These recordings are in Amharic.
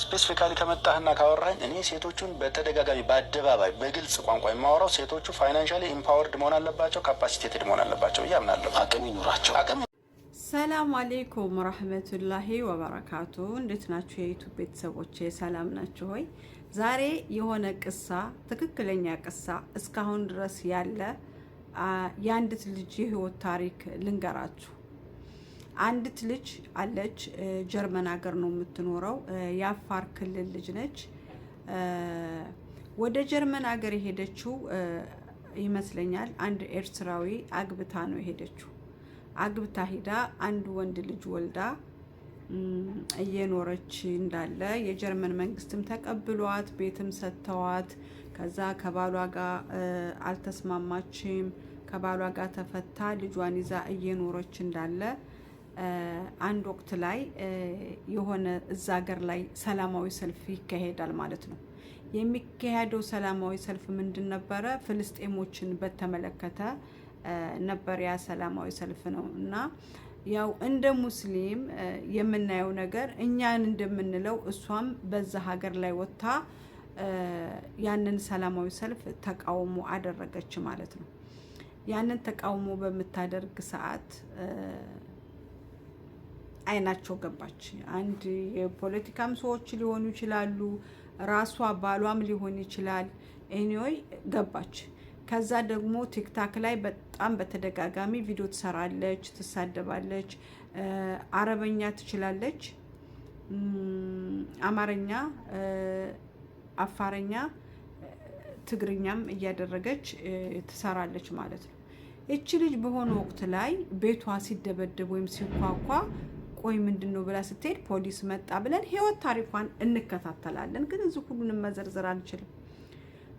ስፔሲፊካሊ ከመጣህና ካወራኝ እኔ ሴቶቹን በተደጋጋሚ በአደባባይ በግልጽ ቋንቋ የማወራው ሴቶቹ ፋይናንሻሊ ኢምፓወርድ መሆን አለባቸው፣ ካፓሲቴትድ መሆን አለባቸው ብዬ አምናለሁ። አቅም ይኑራቸው። ሰላም አሌይኩም ረህመቱላሂ ወበረካቱ። እንዴት ናችሁ የዩቱብ ቤተሰቦች? ሰላም ናችሁ ሆይ? ዛሬ የሆነ ቅሳ ትክክለኛ ቅሳ እስካሁን ድረስ ያለ የአንዲት ልጅ የህይወት ታሪክ ልንገራችሁ። አንዲት ልጅ አለች። ጀርመን ሀገር ነው የምትኖረው። የአፋር ክልል ልጅ ነች። ወደ ጀርመን ሀገር የሄደችው ይመስለኛል አንድ ኤርትራዊ አግብታ ነው የሄደችው። አግብታ ሂዳ አንድ ወንድ ልጅ ወልዳ እየኖረች እንዳለ የጀርመን መንግስትም ተቀብሏት ቤትም ሰጥተዋት፣ ከዛ ከባሏ ጋር አልተስማማችም። ከባሏ ጋር ተፈታ። ልጇን ይዛ እየኖረች እንዳለ አንድ ወቅት ላይ የሆነ እዛ ሀገር ላይ ሰላማዊ ሰልፍ ይካሄዳል ማለት ነው። የሚካሄደው ሰላማዊ ሰልፍ ምንድን ነበረ? ፍልስጤሞችን በተመለከተ ነበር ያ ሰላማዊ ሰልፍ ነው እና ያው እንደ ሙስሊም የምናየው ነገር እኛን እንደምንለው እሷም በዛ ሀገር ላይ ወጥታ ያንን ሰላማዊ ሰልፍ ተቃውሞ አደረገች ማለት ነው። ያንን ተቃውሞ በምታደርግ ሰዓት አይናቸው ገባች። አንድ የፖለቲካም ሰዎች ሊሆኑ ይችላሉ፣ ራሷ ባሏም ሊሆን ይችላል። ኤኒዌይ ገባች። ከዛ ደግሞ ቲክታክ ላይ በጣም በተደጋጋሚ ቪዲዮ ትሰራለች፣ ትሳደባለች፣ አረበኛ ትችላለች፣ አማርኛ፣ አፋረኛ፣ ትግርኛም እያደረገች ትሰራለች ማለት ነው። እቺ ልጅ በሆነ ወቅት ላይ ቤቷ ሲደበደብ ወይም ሲኳኳ ቆይ ምንድን ነው ብላ ስትሄድ ፖሊስ መጣ ብለን ህይወት ታሪኳን እንከታተላለን። ግን እዚህ ሁሉንም መዘርዘር አንችልም።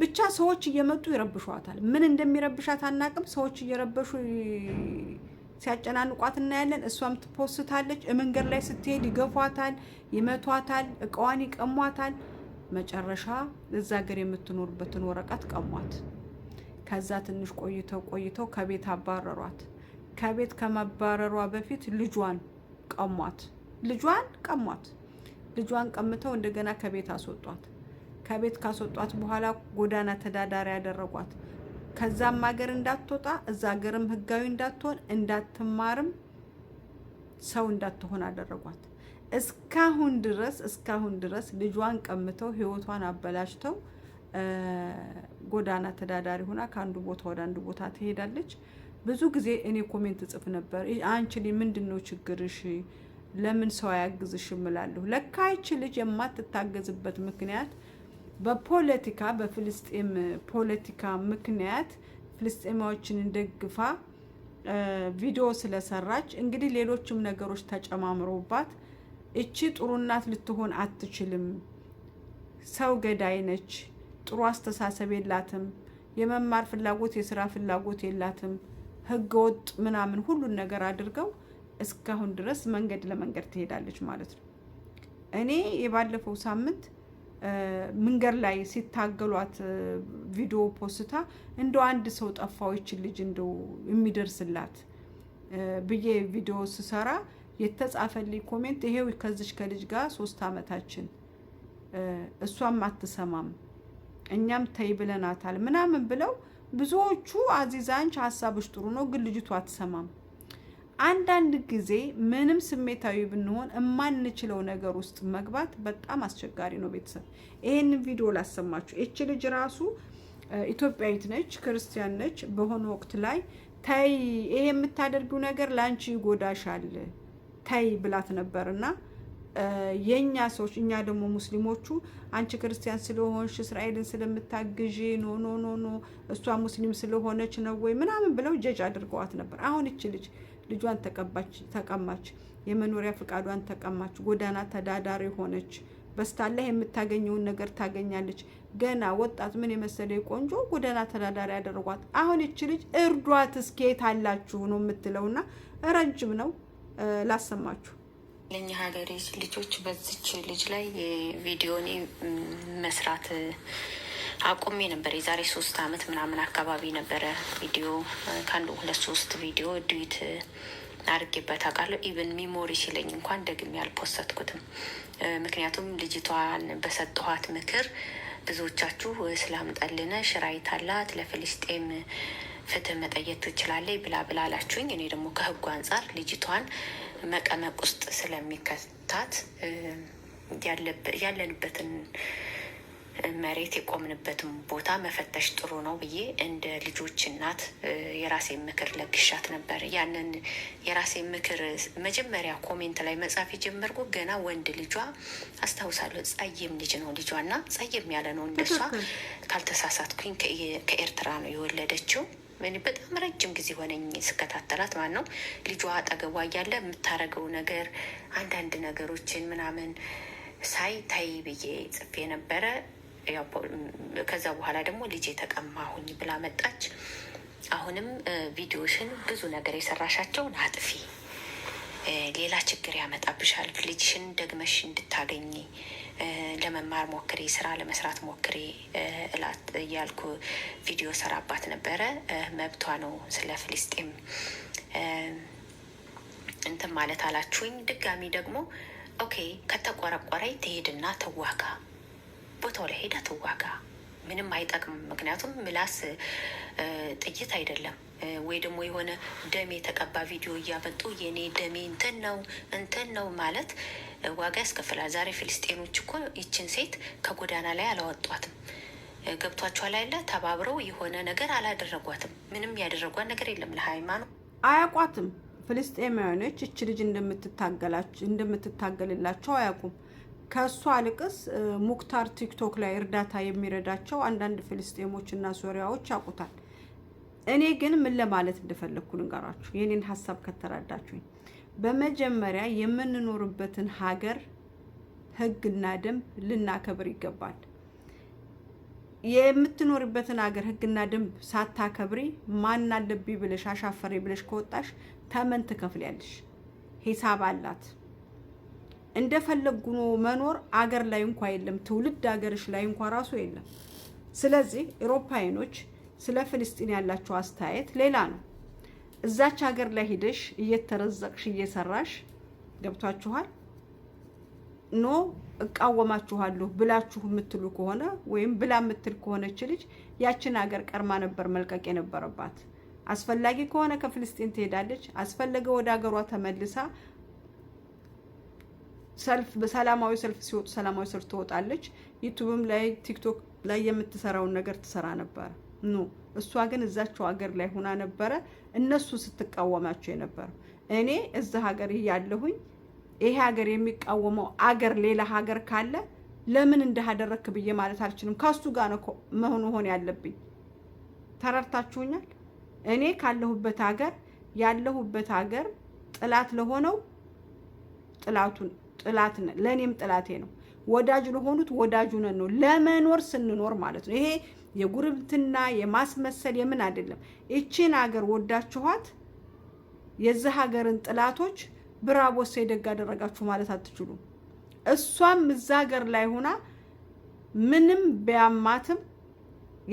ብቻ ሰዎች እየመጡ ይረብሿታል። ምን እንደሚረብሻት አናቅም። ሰዎች እየረበሹ ሲያጨናንቋት እናያለን። እሷም ትፖስታለች። መንገድ ላይ ስትሄድ ይገፏታል፣ ይመቷታል፣ እቃዋን ይቀሟታል። መጨረሻ እዛ ሀገር የምትኖርበትን ወረቀት ቀሟት። ከዛ ትንሽ ቆይተው ቆይተው ከቤት አባረሯት። ከቤት ከመባረሯ በፊት ልጇን ቀሟት። ልጇን ቀሟት። ልጇን ቀምተው እንደገና ከቤት አስወጧት። ከቤት ካስወጧት በኋላ ጎዳና ተዳዳሪ ያደረጓት። ከዛም ሀገር እንዳትወጣ እዛ ሀገርም ህጋዊ እንዳትሆን እንዳትማርም ሰው እንዳትሆን አደረጓት። እስካሁን ድረስ እስካሁን ድረስ ልጇን ቀምተው ህይወቷን አበላሽተው ጎዳና ተዳዳሪ ሆና ከአንዱ ቦታ ወደ አንዱ ቦታ ትሄዳለች። ብዙ ጊዜ እኔ ኮሜንት እጽፍ ነበር። አንቺ ምንድን ነው ችግርሽ? ለምን ሰው አያግዝሽ እላለሁ። ለካ ይቺ ልጅ የማትታገዝበት ምክንያት በፖለቲካ በፍልስጤም ፖለቲካ ምክንያት ፍልስጤማዎችን ደግፋ ቪዲዮ ስለሰራች እንግዲህ ሌሎችም ነገሮች ተጨማምሮባት እቺ ጥሩ እናት ልትሆን አትችልም፣ ሰው ገዳይ ነች፣ ጥሩ አስተሳሰብ የላትም፣ የመማር ፍላጎት የስራ ፍላጎት የላትም ህገወጥ ምናምን ሁሉን ነገር አድርገው እስካሁን ድረስ መንገድ ለመንገድ ትሄዳለች ማለት ነው። እኔ የባለፈው ሳምንት መንገድ ላይ ሲታገሏት ቪዲዮ ፖስታ እንደ አንድ ሰው ጠፋዎች ልጅ እንደ የሚደርስላት ብዬ ቪዲዮ ስሰራ የተጻፈልኝ ኮሜንት ይሄው ከዚች ከልጅ ጋር ሶስት አመታችን እሷም አትሰማም እኛም ተይ ብለናታል ምናምን ብለው ብዙዎቹ አዚዛ አንቺ ሀሳብሽ ጥሩ ነው፣ ግን ልጅቱ አትሰማም። አንዳንድ ጊዜ ምንም ስሜታዊ ብንሆን የማንችለው ነገር ውስጥ መግባት በጣም አስቸጋሪ ነው። ቤተሰብ ይሄንን ቪዲዮ ላሰማችሁ። ይች ልጅ ራሱ ኢትዮጵያዊት ነች፣ ክርስቲያን ነች። በሆነ ወቅት ላይ ተይ፣ ይሄ የምታደርጊው ነገር ለአንቺ ይጎዳሻል፣ ተይ ብላት ነበርና። እና የእኛ ሰዎች እኛ ደግሞ ሙስሊሞቹ አንቺ ክርስቲያን ስለሆንሽ እስራኤልን ስለምታግዢ ኖ ኖ ኖ ኖ እሷ ሙስሊም ስለሆነች ነው ወይ ምናምን ብለው ጀጅ አድርገዋት ነበር። አሁን እች ልጅ ልጇን ተቀባች፣ ተቀማች፣ የመኖሪያ ፍቃዷን ተቀማች፣ ጎዳና ተዳዳሪ ሆነች። በስታላ የምታገኘውን ነገር ታገኛለች። ገና ወጣት ምን የመሰለ ቆንጆ ጎዳና ተዳዳሪ ያደረጓት። አሁን እች ልጅ እርዷት እስኬት አላችሁ ነው የምትለውና ረጅም ነው ላሰማችሁ ለኛ ሀገሬ ልጆች በዚች ልጅ ላይ ቪዲዮኔ መስራት አቁሜ ነበር። የዛሬ ሶስት አመት ምናምን አካባቢ ነበረ ቪዲዮ ከአንድ ሁለት ሶስት ቪዲዮ ድዊት አድርጌበት አውቃለሁ። ኢቨን ሚሞሪ ሲለኝ እንኳን ደግሜ አልፖሰትኩትም። ምክንያቱም ልጅቷን በሰጠኋት ምክር ብዙዎቻችሁ ስላምጠልነ ሽራይት አላት ለፍልስጤም ፍትህ መጠየቅ ትችላለች ብላ ብላ አላችሁኝ። እኔ ደግሞ ከህጉ አንጻር ልጅቷን መቀመቅ ውስጥ ስለሚከታት ያለንበትን መሬት የቆምንበትን ቦታ መፈተሽ ጥሩ ነው ብዬ እንደ ልጆች እናት የራሴ ምክር ለግሻት ነበር። ያንን የራሴ ምክር መጀመሪያ ኮሜንት ላይ መጻፍ የጀመርኩ ገና ወንድ ልጇ አስታውሳለሁ። ጸይም ልጅ ነው ልጇ እና ጸይም ያለ ነው እንደሷ ካልተሳሳትኩኝ ከኤርትራ ነው የወለደችው በጣም ረጅም ጊዜ ሆነኝ ስከታተላት ማለት ነው። ልጇ አጠገቧ እያለ የምታደርገው ነገር አንዳንድ ነገሮችን ምናምን ሳይ ታይ ብዬ ጽፌ ነበረ። ከዛ በኋላ ደግሞ ልጄ ተቀማሁኝ ብላ መጣች። አሁንም ቪዲዮሽን ብዙ ነገር የሰራሻቸውን አጥፊ፣ ሌላ ችግር ያመጣብሻል፣ ልጅሽን ደግመሽ እንድታገኝ ለመማር ሞክሪ፣ ስራ ለመስራት ሞክሪ እላት እያልኩ ቪዲዮ ሰራባት ነበረ። መብቷ ነው ስለ ፍልስጤም እንትን ማለት አላችሁኝ። ድጋሚ ደግሞ ኦኬ ከተቆረቆረኝ ትሄድና ትዋጋ፣ ቦታው ላይ ሄዳ ትዋጋ። ምንም አይጠቅምም። ምክንያቱም ምላስ ጥይት አይደለም። ወይ ደግሞ የሆነ ደም የተቀባ ቪዲዮ እያመጡ የኔ ደሜ እንትን ነው እንትን ነው ማለት ዋጋ ያስከፍላል። ዛሬ ፊልስጤኖች እኮ ይችን ሴት ከጎዳና ላይ አላወጧትም። ገብቷችኋል አይደለ? ተባብረው የሆነ ነገር አላደረጓትም። ምንም ያደረጓት ነገር የለም። ለሃይማኖት አያውቋትም። ፍልስጤማውያኖች እች ልጅ እንደምትታገላቸው እንደምትታገልላቸው አያውቁም። ከእሷ አልቅስ ሙክታር ቲክቶክ ላይ እርዳታ የሚረዳቸው አንዳንድ ፍልስጤሞች እና ሶሪያዎች ያውቁታል። እኔ ግን ምን ለማለት እንደፈለግኩ ልንገራችሁ። የኔን ሀሳብ ከተረዳችሁኝ፣ በመጀመሪያ የምንኖርበትን ሀገር ህግና ደንብ ልናከብር ይገባል። የምትኖርበትን ሀገር ህግና ደንብ ሳታከብሪ ማን አለብኝ ብለሽ አሻፈሬ ብለሽ ከወጣሽ ተመን ትከፍያለሽ። ሂሳብ አላት። እንደፈለጉ መኖር አገር ላይ እንኳ የለም፣ ትውልድ አገርሽ ላይ እንኳ ራሱ የለም። ስለዚህ ኤሮፓይኖች ስለ ፍልስጢን ያላቸው አስተያየት ሌላ ነው። እዛች ሀገር ላይ ሂደሽ እየተረዘቅሽ እየሰራሽ ገብቷችኋል። ኖ እቃወማችኋለሁ ብላችሁ የምትሉ ከሆነ ወይም ብላ የምትል ከሆነች ልጅ ያችን ሀገር ቀርማ ነበር መልቀቅ የነበረባት። አስፈላጊ ከሆነ ከፍልስጢን ትሄዳለች። አስፈለገ ወደ ሀገሯ ተመልሳ ሰልፍ በሰላማዊ ሰልፍ ሲወጡ ሰላማዊ ሰልፍ ትወጣለች። ዩቱብም ላይ ቲክቶክ ላይ የምትሰራውን ነገር ትሰራ ነበረ። ኖ እሷ ግን እዛቸው ሀገር ላይ ሆና ነበረ እነሱ ስትቃወማቸው የነበረው። እኔ እዛ ሀገር እያለሁኝ ይሄ ሀገር የሚቃወመው አገር ሌላ ሀገር ካለ ለምን እንዳደረክ ብዬ ማለት አልችልም። ከሱ ጋር ነው መሆኑ ሆን ያለብኝ። ተረድታችሁኛል? እኔ ካለሁበት ሀገር ያለሁበት ሀገር ጥላት ለሆነው ጥላቱን ጥላት ነን፣ ለእኔም ጥላቴ ነው። ወዳጅ ለሆኑት ወዳጁ ነን ነው ለመኖር ስንኖር ማለት ነው። ይሄ የጉርብትና የማስመሰል የምን አይደለም። እቺን ሀገር ወዳችኋት የዚህ ሀገርን ጥላቶች ብራቦ ሰይደግ አደረጋችሁ ማለት አትችሉም። እሷም እዛ ሀገር ላይ ሆና ምንም ቢያማትም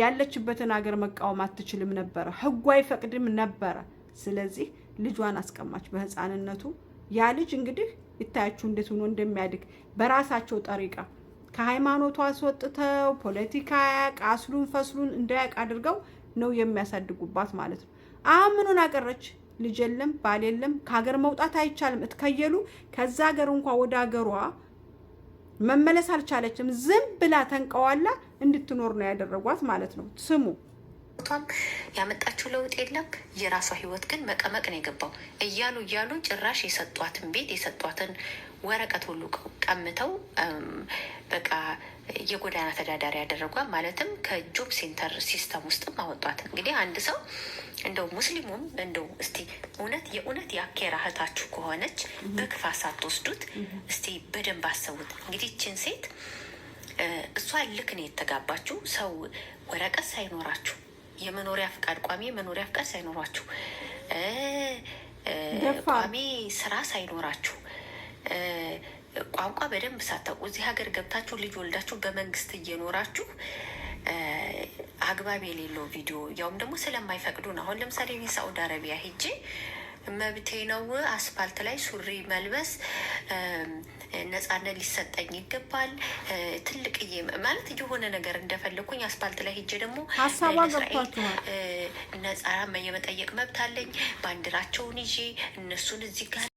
ያለችበትን ሀገር መቃወም አትችልም ነበረ፣ ህጉ አይፈቅድም ነበረ። ስለዚህ ልጇን አስቀማች በህፃንነቱ ያ ልጅ እንግዲህ ይታያችሁ እንዴት ሆኖ እንደሚያድግ በራሳቸው ጠሪቃ ከሃይማኖቱ አስወጥተው ፖለቲካ ያቅ አስሉን ፈስሉን እንዳያቅ አድርገው ነው የሚያሳድጉባት ማለት ነው። አሁን ምኑን አቀረች? ልጅ የለም ባል የለም ከሀገር መውጣት አይቻልም። እትከየሉ ከዛ ሀገር እንኳ ወደ ሀገሯ መመለስ አልቻለችም። ዝም ብላ ተንቀዋላ እንድትኖር ነው ያደረጓት ማለት ነው። ስሙ ቷም ያመጣችው ለውጥ የለም። የራሷ ህይወት ግን መቀመቅ ነው የገባው እያሉ እያሉ ጭራሽ የሰጧትን ቤት የሰጧትን ወረቀት ሁሉ ቀምተው በቃ የጎዳና ተዳዳሪ ያደረጓል። ማለትም ከጆብ ሴንተር ሲስተም ውስጥም አወጧት። እንግዲህ አንድ ሰው እንደው ሙስሊሙም እንደው እስቲ እውነት የእውነት የአኬራ እህታችሁ ከሆነች በክፋ ሳትወስዱት እስቲ በደንብ አሰቡት። እንግዲህ ይችን ሴት እሷ ልክ ነው የተጋባችሁ ሰው ወረቀት ሳይኖራችሁ የመኖሪያ ፍቃድ ቋሚ መኖሪያ ፍቃድ ሳይኖራችሁ ቋሚ ስራ ሳይኖራችሁ ቋንቋ በደንብ ሳታውቁ እዚህ ሀገር ገብታችሁ ልጅ ወልዳችሁ በመንግስት እየኖራችሁ አግባብ የሌለው ቪዲዮ ያውም ደግሞ ስለማይፈቅዱ ነው። አሁን ለምሳሌ እኔ ሳውዲ አረቢያ ሄጄ መብቴ ነው አስፋልት ላይ ሱሪ መልበስ ነጻነት ሊሰጠኝ ይገባል። ትልቅ ማለት የሆነ ነገር እንደፈለግኩኝ አስፋልት ላይ ሄጄ ደግሞ ነጻ የመጠየቅ መብት አለኝ። ባንዲራቸውን ይዤ እነሱን እዚህ ጋር